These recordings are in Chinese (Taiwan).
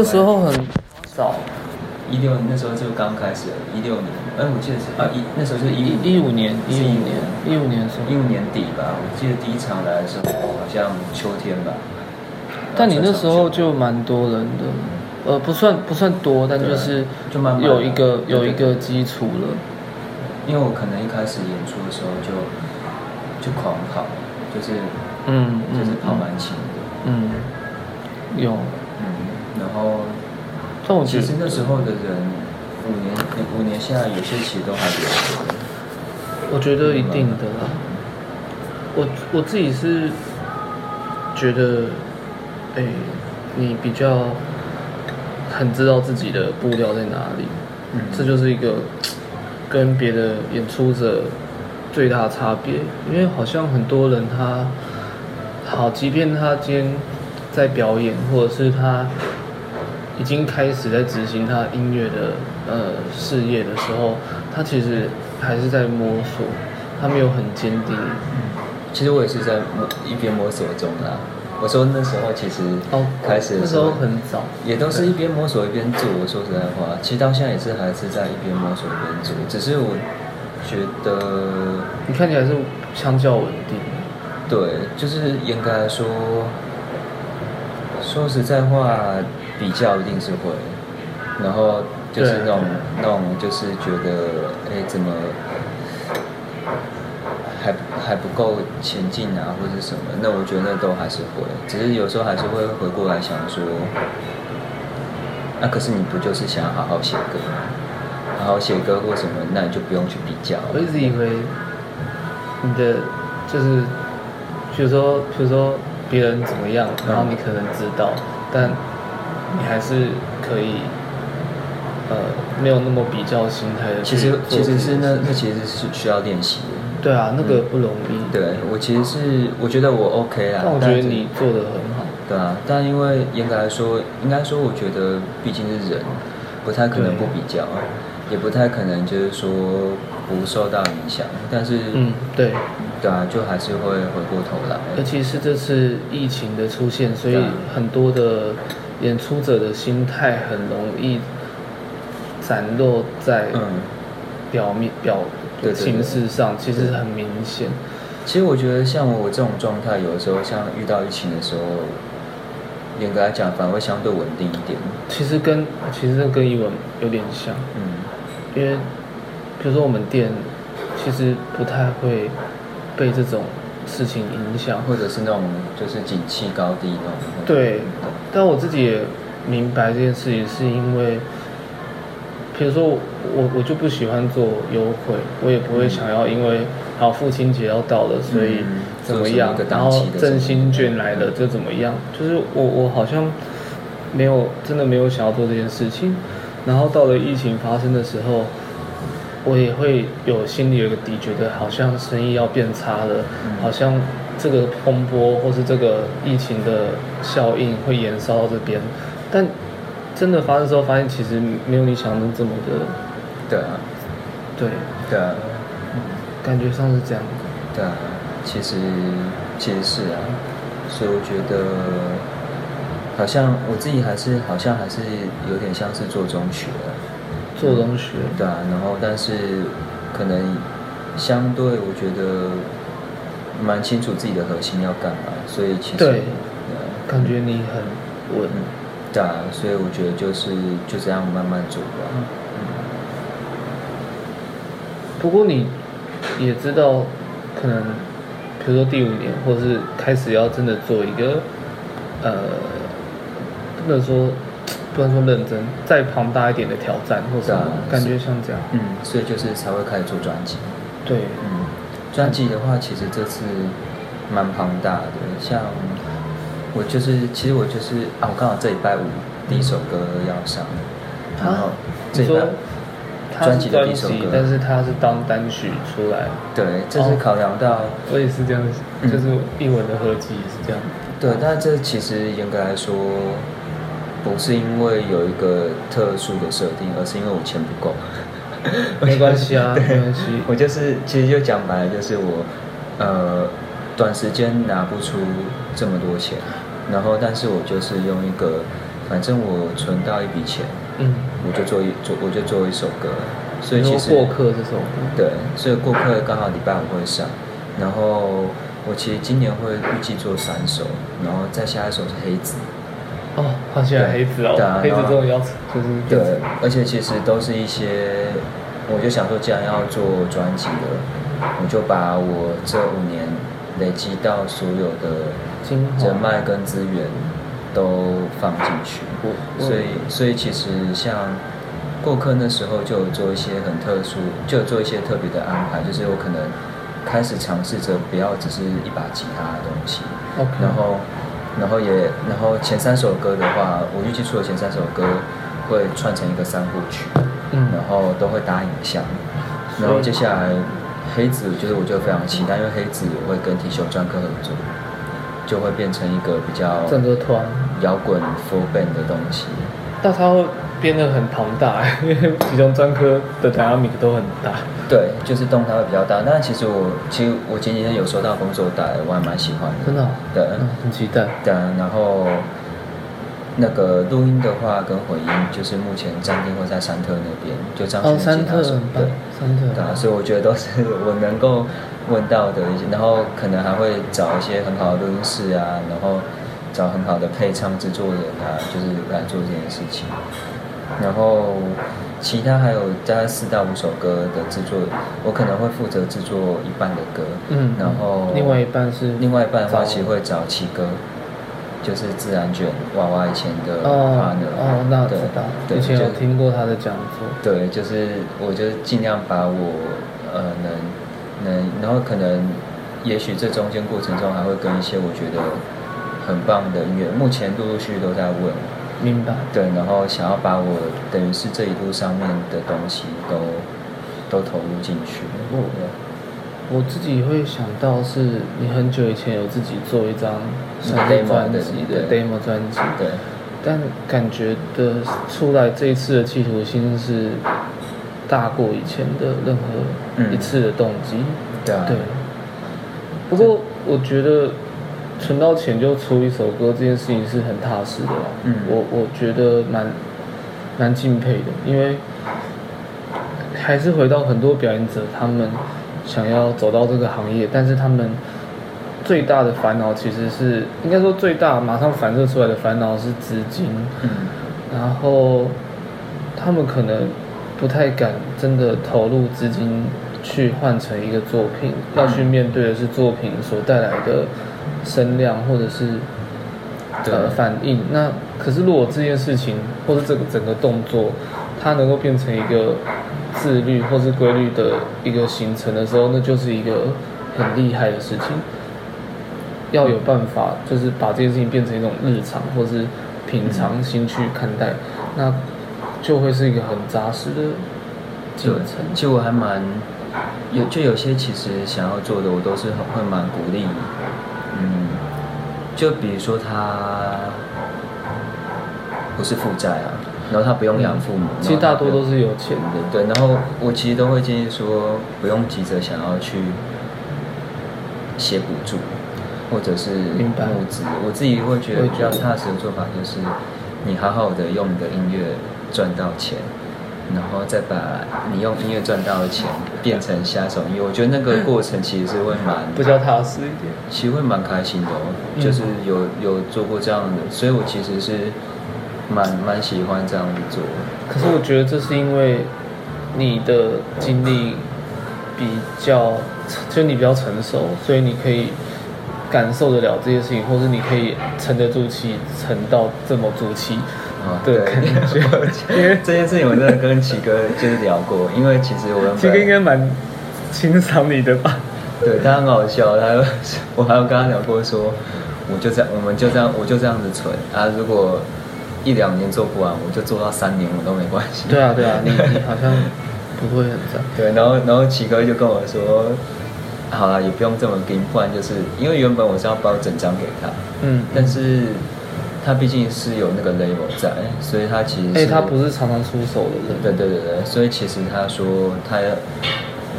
那時候很早，一六那時候就剛開始了，一六年，哎，我記得是啊，一那時候是一一五年，一五年，一五年，一五年，年，年底吧。我記得第一場來的時候，好像秋天吧。但你那時候就蠻多人的，嗯、呃，不算不算多，但就是有一個就蠻蠻有一個基礎了。因為我可能一開始演出的時候就就狂跑，就是嗯，嗯就是跑蠻勤的，嗯，有，嗯。然後，但我其實那時候的人，五年、五年，下來有些其實都還比較多。我覺得一定的啦，嗯、我我自己是覺得，哎、欸，你比較很知道自己的步調在哪裡，嗯、這就是一個跟別的演出者最大差別，因為好像很多人他好，即便他今天在表演，或者是他。已經開始在執行他音樂的呃事業的時候，他其實還是在摸索，他沒有很堅定。嗯、其實我也是在摸一邊摸索中啦。我說那時候其實、哦、開始時那時候很早，也都是一邊摸索一邊做。對我說實在話，其實到現在也是還是在一邊摸索一邊做。只是我覺得你看起來是相較穩定。嗯、對，就是嚴格來說。說實在話，比較一定是會，然後就是那種對那種，就是覺得哎，怎麼還還不夠前進啊，或者什麼？那我覺得那都還是會，只是有時候還是會回過來想說，那、啊、可是你不就是想好好寫歌嗎？好好寫歌或什麼，那你就不用去比較了。我一直以為你的就是，比如說，比如說。別人怎麼樣，然後你可能知道，嗯、但你還是可以，呃，沒有那麼比較心態的。其實其實是那那其實是需要練習的。對啊，那個不容易。嗯、對，我其實是我覺得我 OK 啊，但我覺得你做得很好，對啊。但因為嚴格來說，應該說，我覺得畢竟是人，不太可能不比較，對也不太可能就是說不受到影響。但是，嗯，對。對啊，就還是會回過頭來。尤其是這次疫情的出現，所以很多的演出者的心態很容易散落在表面、嗯、表的形式上，對對對，其實很明顯。其實我覺得像我這種狀態，有的時候像遇到疫情的時候，嚴格來講，反而會相對穩定一點。其實跟其實跟英文有點像，嗯，因為比如說我們店其實不太會。被這種事情影響，或者是那種就是景氣高低那種。對，嗯、但我自己也明白這件事情，是因為，比如說我我就不喜歡做優惠，我也不會想要因為啊、嗯、父親節要到了，所以怎麼樣，嗯、麼然後振興券來了就怎麼樣，就是我我好像沒有真的沒有想要做這件事情，然後到了疫情發生的時候，我也會有心裡有一個底，覺得好像生意要變差了，嗯、好像這個風波或是這個疫情的效應會延燒到這邊，但真的發生之後，發現其實沒有你想的這麼的，嗯、對啊，對的，感覺上是這樣的，對啊，其實其實是啊，所以我覺得好像我自己還是好像還是有點像是做中學的。做東西，嗯、對、啊、然後但是可能相對，我覺得蠻清楚自己的核心要幹嘛，所以其實對，嗯、感覺你很穩、嗯，對啊，所以我覺得就是就這樣慢慢做吧。嗯、不過你也知道，可能比如說第五年，或是開始要真的做一個呃，不能說。不然說認真，再龐大一點的挑戰，或者感覺像這樣，嗯，所以就是才會開始做專輯，對耶，專輯、嗯、的話其實這次蠻龐大的，像我就是，其實我就是啊，我剛好這禮拜五、嗯、第一首歌要上，然後這一、啊、你說專輯的第一首歌，但是它是當單曲出來，對，這是考量到我、哦嗯、也是這樣，就是碧文的合集也是這樣，對，但這其實嚴格來說。不是因為有一個特殊的設定，而是因為我錢不夠。 沒關係啊， 對沒關係。我就是其實就講白了，就是我呃短時間拿不出這麼多錢，然後但是我就是用一個反正我存到一筆錢，嗯，我就做一做，我就做一首歌。所以其實過客這首歌對，所以過客剛好禮拜五會上，然後我其實今年會預計做三首，然後再下一首是黑子。哦，發現黑子啊。對黑子這種對要求就是對，而且其實都是一些，我就想說，既然要做專輯了，我就把我這五年累積到所有的人脈跟資源都放進去，好所以所以其實像過客那時候就有做一些很特殊，就有做一些特別的安排，就是我可能開始嘗試着不要只是一把吉他的東西，Okay. 然後然後也，然後前三首歌的話，我預計出的前三首歌會串成一個三部曲，嗯，然後都會搭影像。以然後接下來黑子就是我就非常期待，因為黑子會跟 T 恤專科合作，就會變成一個比較整個團搖滾 full band 的東西。到時候。變得很龐大，因為其中專科的 Dynamic 都很大。對，就是動態會比較大。但其實我，其實我前幾天有收到工作單，我還蠻喜歡的，真的？對、哦，很期待。對，然後那個錄音的話跟回音，跟混音就是目前暫定會在三特那邊，就張三、哦、特對，三特對，所以我覺得都是我能夠問到的一些。然後可能還會找一些很好的錄音室啊，然後找很好的配唱製作人啊，就是來做這件事情。然後，其他還有大概四到五首歌的制作，我可能會負責制作一半的歌。嗯，然後另外一半，是另外一半的話，其實會找七哥，就是自然捲娃娃以前的 partner 哦，的哦，那知道，以前有聽過他的講座。對，就是我就盡量把我呃，能能，然後可能也許這中間過程中還會跟一些我覺得很棒的音樂。目前陸陸續續都在問。明白，對，然後想要把我等於是這一路上面的東西都都投入進去，嗯。我自己會想到是你很久以前有自己做一張什麼專輯的 demo 專輯，對。但感覺得出來，這一次的企圖心是大過以前的任何一次的動機，嗯、對啊，對。不過我覺得。存到錢就出一首歌，這件事情是很踏實的啦。嗯，我我覺得蠻蠻敬佩的，因為還是回到很多表演者，他們想要走到這個行業，但是他們最大的煩惱其實是，應該說最大馬上反射出來的煩惱是資金，嗯，然後他們可能不太敢真的投入資金。去換成一個作品，要去面對的是作品所帶來的聲量或者是對呃、反應。那可是如果這件事情或是這個整個動作，它能夠變成一個自律或是規律的一個形成的時候，那就是一個很厲害的事情。要有辦法，就是把這件事情變成一種日常或是平常心去看待，嗯、那就會是一個很扎實的就。就還蠻。有就有些其實想要做的，我都是很會蠻鼓勵。嗯，就比如說他不是負債啊，然後他不用養父母，嗯、其實大多都是有錢的對。對，然後我其實都會建議說，不用急着想要去寫補助，或者是募資。明白。我自己會覺得比較踏實的做法就是，你好好的用你的音樂賺到錢。然後再把你用音樂賺到的錢變成下一首音樂，因為我覺得那個過程其實是會蠻比較踏實一點，其實會蠻開心的哦。就是有、嗯、有做過這樣的，所以我其實是蠻蠻喜歡這樣子做。可是我覺得這是因為你的經歷比較，就你比較成熟，所以你可以感受得了這些事情，或者你可以沉得住氣，沉到這麼足氣。對，肯定因為 這件事，我真的跟奇哥就是聊過。因為其實我跟奇哥應該蠻欣賞你的吧？對，他很好笑。他說我還有跟他聊過說，說我就這樣，我們就這樣，我就這樣子存啊。如果一兩年做不完，我就做到三年，我都沒關係。對啊，對啊，你 你好像不會很贊。對，然後然後奇哥就跟我說，啊、好啦，也不用這麼悲觀，就是因為原本我是要包整張給他，嗯，但是。他畢竟是有那個 level 在，所以他其實、欸。他不是常常出手的。對對對對，所以其實他說他，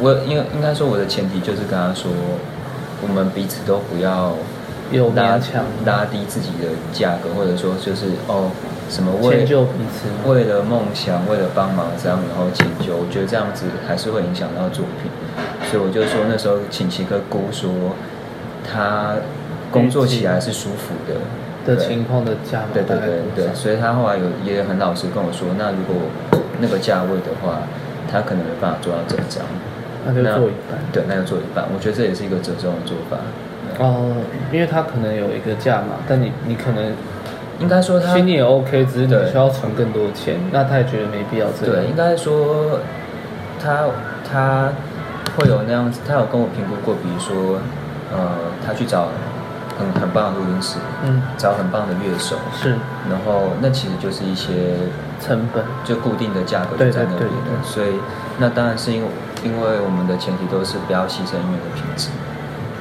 我應該應該說我的前提就是跟他說，我們彼此都不要有拉又勉強，拉低自己的價格，或者說就是哦什麼為遷就彼此，為了夢想，為了幫忙這樣，然後請求我覺得這樣子還是會影響到作品，所以我就說那時候請奇個姑說，他工作起來是舒服的。的情況的價碼，對對對對，對，對，所以他後來有也很老實跟我說，那如果那個價位的話，他可能沒辦法做到折中。那就做一半。對，那就做一半，我覺得這也是一個折中的做法。哦，因為他可能有一個價碼，但你你可能應該說他心裡也 OK，只是你需要存更多錢，對那他也覺得沒必要這樣。對，應該說他他，他會有那樣子，他有跟我評估過，比如說、呃、他去找。很棒的錄音室，嗯，找很棒的樂手是，然後那其實就是一些成本，就固定的價格就在那邊的，所以那當然是因為因為我們的前提都是不要犧牲音樂的品質，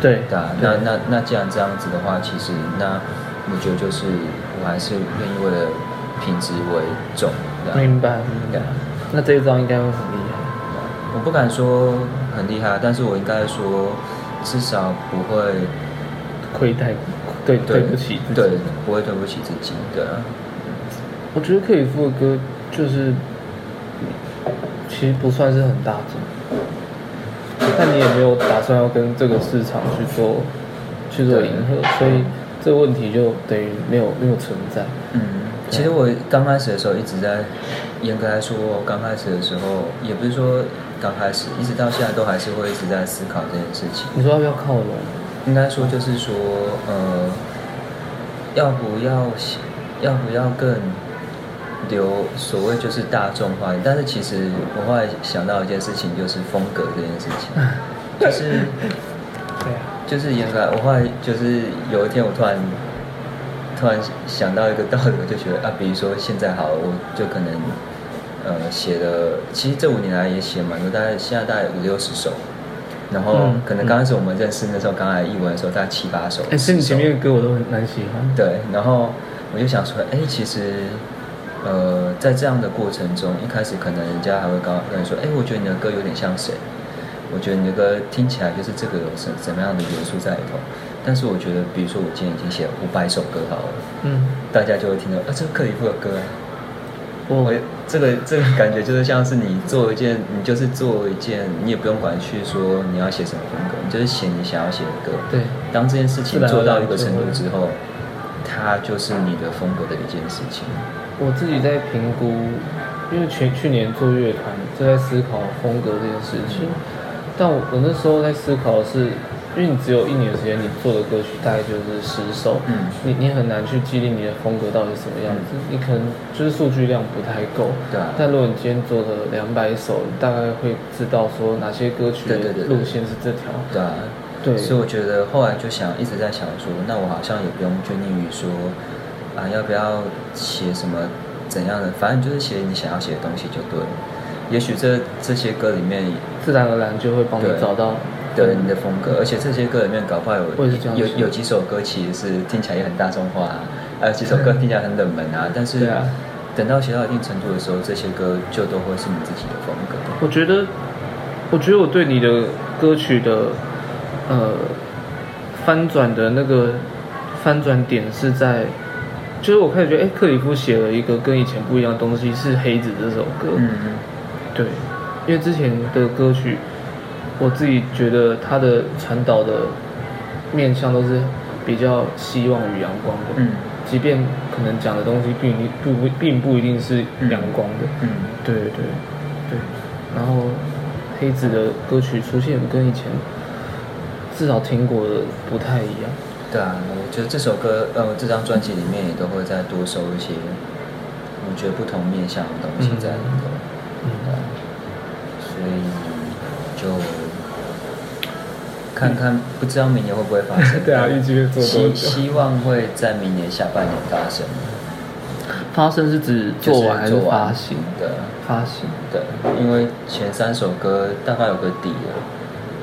對，對那那那，那既然這樣子的話，其實那我覺得就是我還是願意為了品質為重，明白，明白。該那這一張應該會很厲害，我不敢說很厲害，但是我應該說至少不會。虧待，對對,對不起自己，對不會對不起自己，對、啊。我覺得克里夫的歌就是，其實不算是很大眾，但你也沒有打算要跟這個市場去做、嗯、去做迎合，對所以這個問題就等於沒有沒有存在。嗯，啊、其實我剛開始的時候一直在，嚴格來說剛開始的時候，也不是說剛開始，一直到現在都還是會一直在思考這件事情。你說要不要靠攏？應該說就是說，呃，要不要寫，要不要更留所謂就是大眾化？但是其實我後來想到一件事情，就是風格這件事情，就是對，就是應該我後來就是有一天我突然突然想到一個道理，我就覺得啊，比如說現在好了，我就可能呃寫了，其實這五年來也寫了蠻多，大概現在大概五六十首。然後可能剛開始我們認識那時候，剛來譯文的時候，大概七八首。但是你前面的歌我都很蠻喜歡。對，然後我就想說，哎，其實，呃，在這樣的過程中，一開始可能人家還會跟你說，哎，我覺得你的歌有點像誰？我覺得你的歌聽起來就是這個有什什麼樣的元素在裡頭。但是我覺得，比如說我今天已經寫了五百首歌好了，嗯，大家就會聽到，啊，這個克里夫的歌啊。我這個這個感覺就是像是你做一件，你就是做一件，你也不用管去說你要寫什麼風格，你就是寫你想要寫的歌。對，當這件事情做到一個程度之後，對它就是你的風格的一件事情。我自己在評估，因為去去年做樂團，就在思考風格這件事情。嗯、但我我那時候在思考的是，因為你只有一年時間，你做的歌曲大概就是十首，嗯、你你很難去界定你的風格到底是什麼樣子。嗯、你可能就是數據量不太夠，對、啊。但如果你今天做了兩百首，你大概會知道說哪些歌曲的路線是這條，對、啊。對所以我覺得後來就想一直在想說，那我好像也不用拘泥於說啊，要不要寫什麼怎樣的，反正就是寫你想要寫的東西就對了。也許這這些歌裡面，自然而然就會幫你找到的你的風格，而且這些歌裡面搞不好有有有幾首歌其實是聽起來也很大眾化啊，還有幾首歌聽起來很冷門啊，但是等到寫到一定程度的時候，這些歌就都會是你自己的風格。我覺得，我覺得我對你的歌曲的呃翻轉的那個翻轉點是在，就是我開始覺得哎，克里夫寫了一個跟以前不一樣的東西是《黑子》這首歌，嗯，對，因為之前的歌曲。我自己覺得他的傳導的面向都是比較希望與陽光的，嗯，即便可能講的東西並不，不並不一定是陽光的，嗯，對對對、對，然後黑子的歌曲出現跟以前至少聽過的不太一樣，對啊，我覺得這首歌呃這張專輯裡面也都會再多收一些，我覺得不同面向的東西在那裡頭，嗯，嗯嗯所以就。看看，不知道明年會不會發生。 對啊，預計會做。希希望會在明年下半年發生。發生是指做完還是發行的？對發行的，因為前三首歌大概有個底了啊，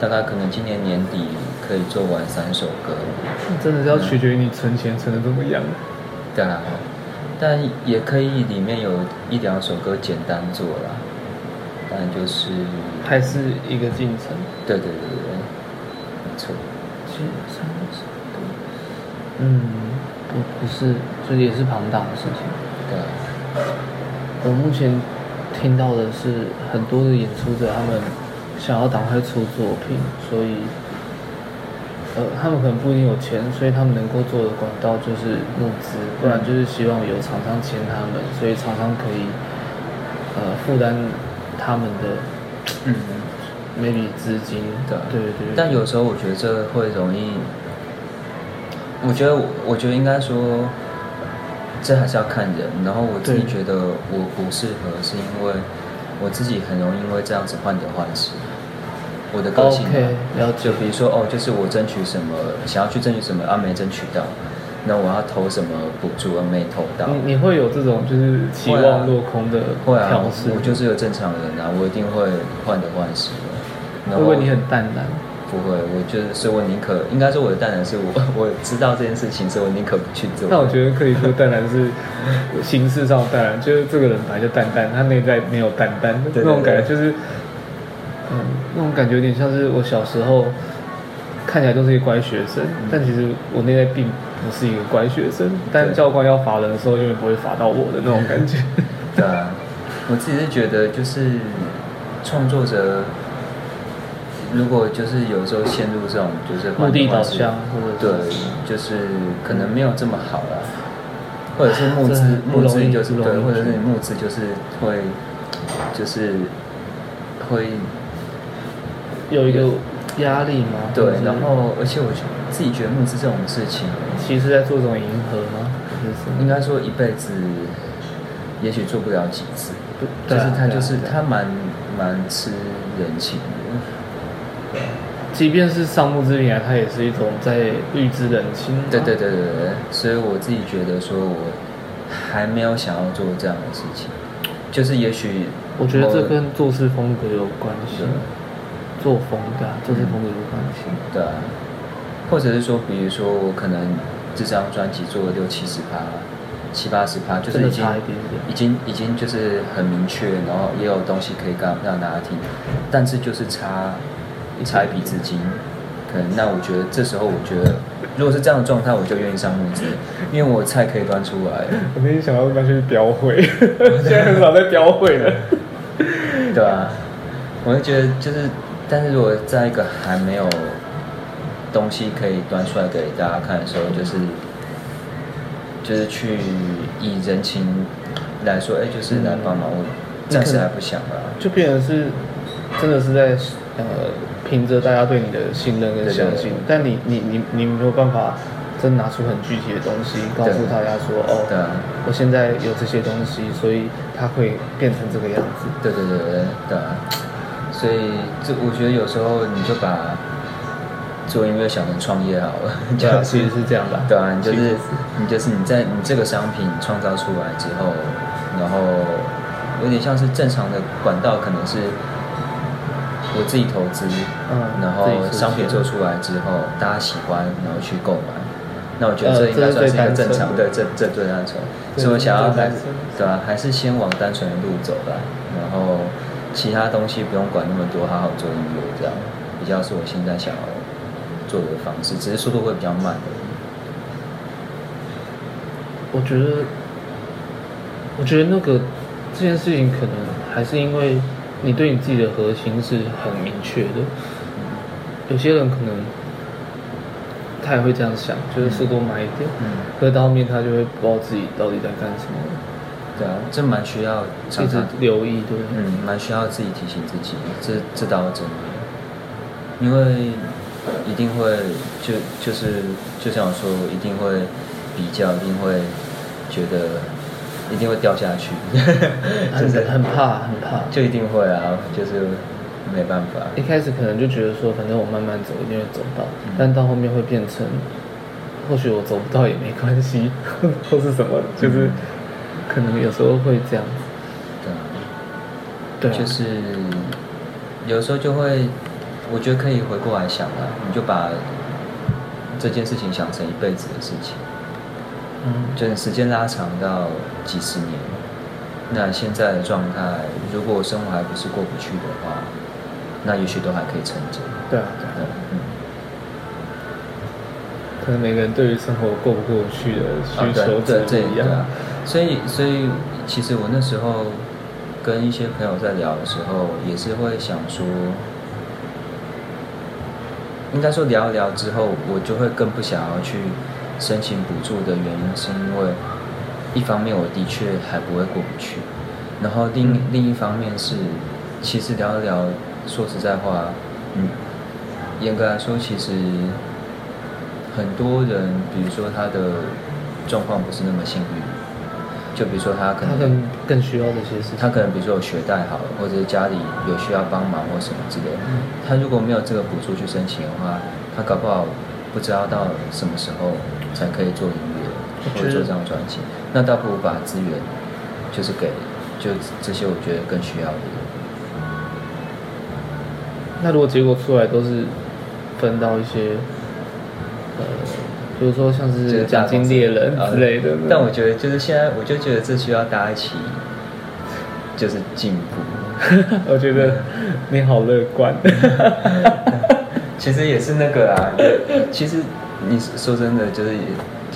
大概可能今年年底可以做完三首歌。真的是要取決於你存錢存的怎麼樣啊。對啊。但也可以裡面有一兩首歌簡單做了，但就是還是一個進程。對對對。嗯，不不是，就是，也是龐大的事情。對，我目前聽到的是很多的演出者他們想要趕快出作品，所以，呃、他們可能不一定有錢，所以他們能夠做的管道就是募資，不然就是希望有廠商簽他們，所以廠商可以、呃、負擔他們的，嗯。美女資金的，對對對。但有時候我覺得這會容易，我覺得我覺得應該說，這還是要看人。然後我自己覺得我不適合，是因為我自己很容易因為這樣子患得患失，我的個性，對 okay, 了解。就比如說哦，就是我爭取什麼，想要去爭取什麼，啊，沒爭取到。那我要投什麼補助？我沒投到。你、嗯、你會有這種就是期望、啊、落空的調適、啊？我就是個正常人啊，我一定會患得患失。會不會？你很淡然。不會，我得、就是，所以我寧可應該說我的淡然是我我知道這件事情之後，寧可不去做。但我覺得可以說淡然是形式上淡然， 就是這個人本來就淡淡，他內在沒有淡淡的那種感覺，就是嗯，那種感覺有點像是我小時候看起來都是一個乖學生，嗯、但其實我內在並。是一個乖學生，但教官要罰人的時候，永遠不會罰到我的那種感覺。對、 呃，我自己是覺得，就是創作者，如果就是有時候陷入這種就是目的導向，或者對，就是可能沒有這麼好啦、啊，嗯、或者是募資，募資就是對，或者是募資就是會，就是會，有一個。嗯壓力嗎？對，就是、然後而且我，自己覺得木事這種事情，其實在做這種迎合嗎？是應該說一輩子，也許做不了幾次。對但是他就是他蠻蠻吃人情的。即便是上木之品，啊，他也是一種在預知人心、啊。對對對對對，所以我自己覺得說我還沒有想要做這樣的事情，就是也許我，我覺得這跟做事風格有關係。作風對、啊，就是風格不放心對、啊，或者是說，比如說我可能這張專輯做了六七十趴，七八十趴，就是已經差一點點，已經已經就是很明確，然後也有東西可以讓讓大家聽，但是就是差一差一筆資金，嗯、可能那我覺得這時候我覺得如果是這樣的狀態，我就願意上募資，因為我菜可以端出來。我沒想到完全是標會， 現在很少在標會了對、啊。對啊，我就覺得就是。但是如果在一個還沒有東西可以端出來給大家看的時候，就是就是去以人情來說，哎、欸，就是來幫忙，我暫、嗯、時還不想吧？就變成是真的是在呃，憑着大家對你的信任跟相信，對對對對，但你你你你沒有辦法真拿出很具體的東西告訴大家說，對對對對哦，對啊、我現在有這些東西，所以他會變成這個樣子。對對對對對、啊所以，就我覺得有時候你就把做音樂想成創業好了，嗯、 就其實是這樣吧？對啊，你就是你就是你在你這個商品創造出來之後，然後有點像是正常的管道，可能是我自己投資，嗯、然後商品做出來之後，嗯、大家喜歡，然後去購買。那我覺得這應該算是一個正常的正正、正對單純。所以我想要還對啊、還是先往單純的路走吧，然後。其他東西不用管那麼多，好好做音樂這樣，比較是我現在想要做的方式，只是速度會比較慢而已。我覺得，我覺得那個這件事情可能還是因為你對你自己的核心是很明確的。嗯、有些人可能他也會這樣想，就是速度慢一點，嗯、可是到後面他就會不知道自己到底在幹什麼。對啊，這蠻需要一直留意，對，嗯，蠻需要自己提醒自己，這這道，因為一定會就就是就像我說，我一定會比較，一定會覺得一定會掉下去，很很怕、 就是、很怕，很怕就一定會啊，就是沒辦法。一開始可能就覺得說，反正我慢慢走，一定會走到，嗯、但到後面會變成，或許我走不到也沒關係，或是什麼，就是。嗯可能有時候會這樣子、嗯，對，對、對，就是有時候就會，我覺得可以回過來想啊，你就把這件事情想成一輩子的事情，嗯，就是時間拉長到幾十年，嗯、那現在的狀態，如果我生活還不是過不去的話，那也許都還可以撐着。對啊，嗯。可能每個人對於生活過不過去的需求、啊、對，不一樣，啊、所以，所以其實我那時候跟一些朋友在聊的時候，也是會想說，應該說聊一聊之後，我就會更不想要去申請補助的原因，是因為一方面我的確還不會過不去，然後另、嗯、另一方面是，其實聊一聊，說實在話，嗯，嚴格來說，其實。很多人，比如說他的狀況不是那麼幸運，就比如說他可能他可能更需要這些事情。他可能比如說有學貸好，或者是家裡有需要幫忙或什麼之類。他如果沒有這個補助去申請的話，他搞不好不知道到什麼時候才可以做音樂，或者做這張專輯。那倒不如把資源就是給就這些我覺得更需要的人、嗯、那如果結果出來都是分到一些。呃，比如說，像是《獎金獵人》之類的，但我覺得，就是現在，我就覺得這需要大家一起，就是進步。 我覺得你好樂觀， 其實也是那個啦、啊。其實你說真的，就是也。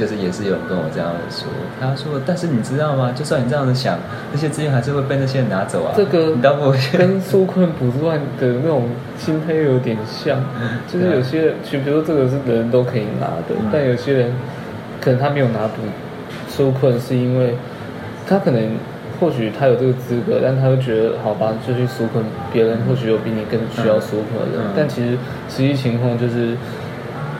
就是也是有人跟我這樣說，他說：“但是你知道嗎？就算你這樣子想，那些資源還是會被那些人拿走啊。”這個，你不跟紓困不亂的那種心態又有點像，就是有些，就、啊、比如說這個是人都可以拿的，嗯、但有些人可能他沒有拿補紓困，是因為他可能或許他有這個資格，但他又覺得好吧，就去紓困別人，嗯、或許有比你更需要紓困的，嗯嗯、但其實實際情況就是。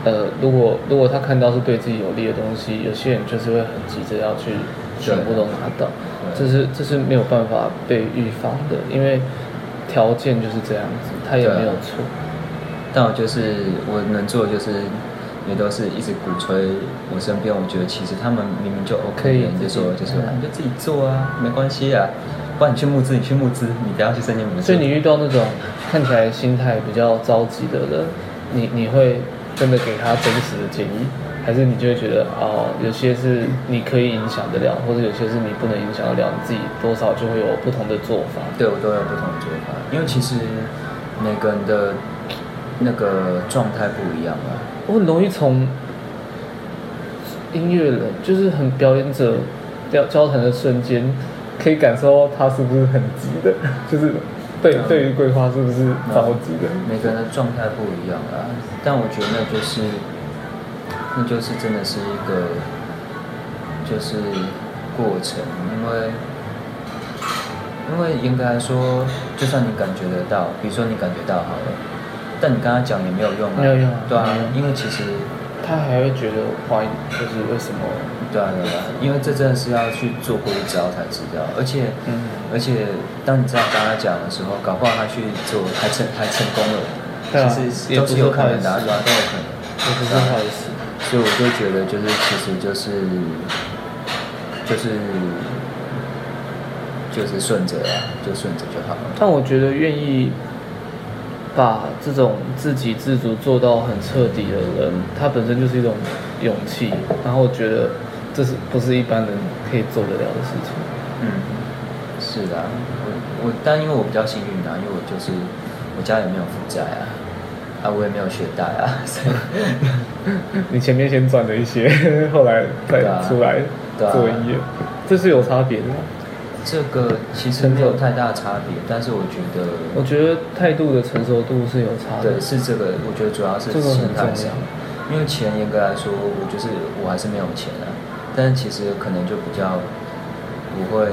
呃，如果如果他看到是對自己有利的東西，有些人就是會很急着要去全部都拿到，這是這是沒有辦法被預防的，因為條件就是這樣子，他也沒有錯。但我就是、嗯、我能做的就是，也都是一直鼓吹我身邊，我覺得其實他們明明就 OK，就說就說、嗯、你就自己做啊，沒關係啊，不然你去募資，你去募資，你不要去申請，所以你遇到那種看起來心態比較着急的人，你你會。真的給他真實的建議，還是你就會覺得哦，有些是你可以影響得了，或者有些是你不能影響得了，你自己多少就會有不同的做法。對我都有不同的做法，因為其實每個人的那個狀態不一樣啊，我很容易從音樂人，就是很表演者，交交談的瞬間，可以感受到他是不是很急的，就是。對，對於桂花是不是着急的？Um, no, 每個人的狀態不一樣啊。但我覺得那就是，那就是真的是一個，就是過程，因為，因為嚴格來說，就算你感覺得到，比如說你感覺到好了，但你跟他講也沒有用啊，沒有用，對啊，對對，因為其實。他還會覺得懷疑，就是為什麼？對啊，對啊，因為這真的是要去做過之後才知道，而且，而且，當你這樣跟他講的時候，搞不好他去做還成，還成功了，其實都是有可能的，對啊，都有可能，都不好意思，所以我就覺得，就是，其實就是，就是，就是順着，就順着就，就，就，就好了。但我覺得願意。把這種自給自足做到很徹底的人，他本身就是一種勇氣。然後我覺得這是不是一般人可以做得了的事情？嗯，是啊，我我但因為我比較幸運啊，因為我就是我家裡沒有負債啊，啊，我也沒有學貸啊， 你前面先賺了一些，後來再拿出來做音樂，啊啊、這是有差別的。這個其實沒有太大差別，刻但是我覺得，我覺得態度的成熟度是有差的。是這個。我覺得主要是心態上，因為錢嚴格來說，我就是我還是沒有錢啊。但是其實可能就比較不會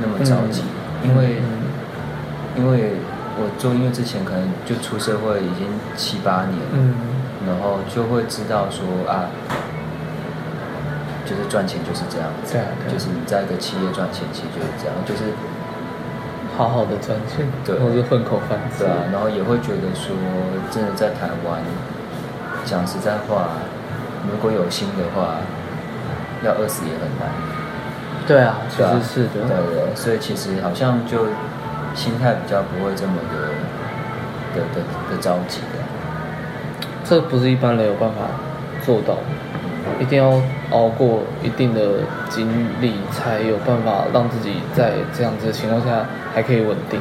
那麼着急，嗯、因為、嗯、因為我做音樂之前，可能就出社會已經七八年了，嗯、然後就會知道說啊。就是賺錢，就是，就，是錢，就是這樣，就是你在一個企業賺錢，其實就是這樣，就是好好的賺錢，對，或是混口飯吃，對啊，啊然後也會覺得說，真的在台灣，講實在話，如果有心的話，要餓死也很難。對啊，確實是，吧對是的，對對，所以其實好像就心態比較不會這麼的的的的着急的，的的的的這不是一般人有辦法做到的。一定要熬過一定的經歷，才有辦法讓自己在這樣子的情況下還可以穩定，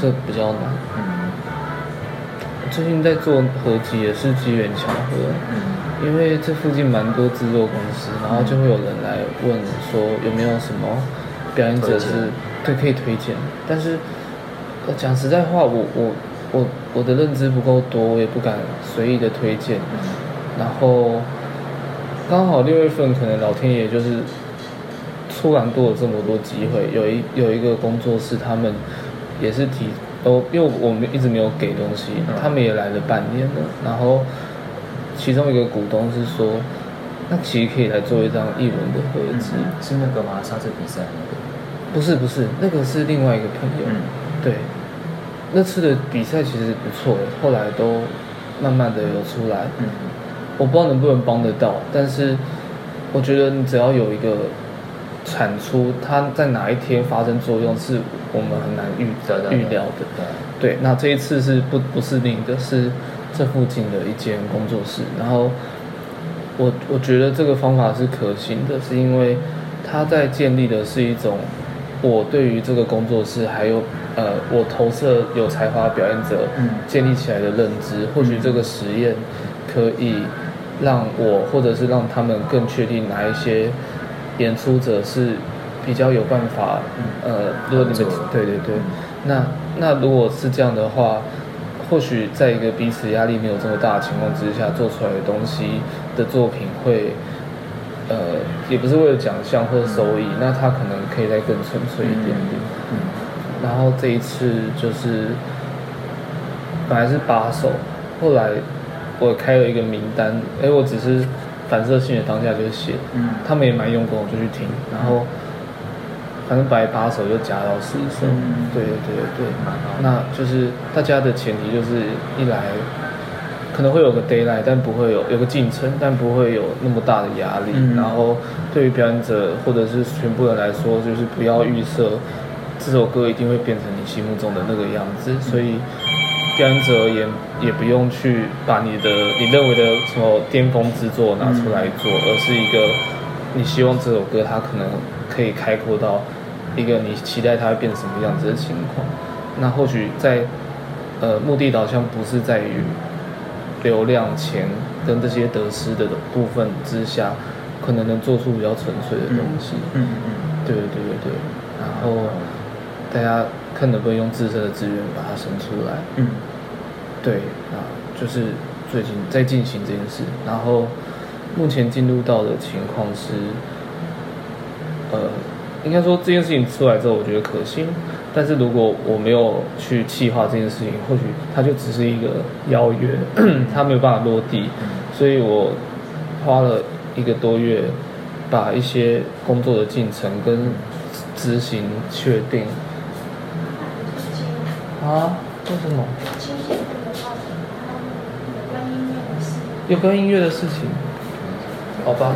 這、嗯、比較難。嗯、最近在做合集也是機緣巧合，嗯、因為這附近蠻多製作公司，嗯、然後就會有人來問說有沒有什麼表演者是對可以推薦，推薦但是講實在話，我我我我的認知不夠多，我也不敢隨意的推薦，嗯、然後。剛好六月份，可能老天爺就是突然多了這麼多機會。有一有一個工作室，他們也是提，哦，因為我們一直沒有給東西，嗯、他們也來了半年了。然後其中一個股東是說，那其實可以來做一張藝人的合輯，是那個嗎？上次比賽、那個、不是不是，那個是另外一個朋友。嗯、對，那次的比賽其實不錯，後來都慢慢的有出來。嗯我不知道能不能幫得到，但是我覺得你只要有一個產出，它在哪一天發生作用，是我們很難預預、嗯嗯、料的。嗯、對，那這一次是不不是另一個是這附近的一間工作室，然後我我覺得這個方法是可行的，是因為他在建立的是一種我對於這個工作室還有呃我投射有才華表演者建立起來的認知，嗯、或許這個實驗可以。讓我或者是讓他們更確定哪一些演出者是比較有辦法，嗯、呃，如果你們對對對，嗯、那那如果是這樣的話，或許在一個彼此壓力沒有這麼大的情況之下，做出來的東西的作品會，呃，也不是為了獎項或者收益，嗯、那他可能可以再更純粹一點點。嗯嗯、然後這一次就是本來是把手，後來。我開了一個名單，哎、欸，我只是反射性的當下就寫，他們也蠻用功，我就去聽，然後反正百八首就夾到十首，嗯，對對對，對，好的。那就是大家的前提就是一來可能會有個 daylight，但不會有有個進程，但不會有那麼大的壓力。嗯、然後對於表演者或者是全部人來說，就是不要預設這首歌一定會變成你心目中的那個樣子，嗯、所以。甘安哲，也也不用去把你的你認為的什麼巔峰之作拿出來做，嗯、而是一個你希望這首歌它可能可以開闊到一個你期待它會變什麼樣子的情況。那或許在呃目的導向不是在於流量錢跟這些得失的部分之下，可能能做出比較純粹的東西。嗯嗯，對、嗯嗯、對對對，然後大家看能不能用自身的資源把它生出來。嗯，對啊，就是最近在進行這件事，然後目前進入到的情況是，呃，應該說這件事情出來之後，我覺得可行。但是如果我沒有去計劃這件事情，或許它就只是一個邀約， 它沒有辦法落地。嗯，所以我花了一個多月，把一些工作的進程跟執行確定。啊？為什麼？有關音樂的事情。有關音樂的事情，好吧。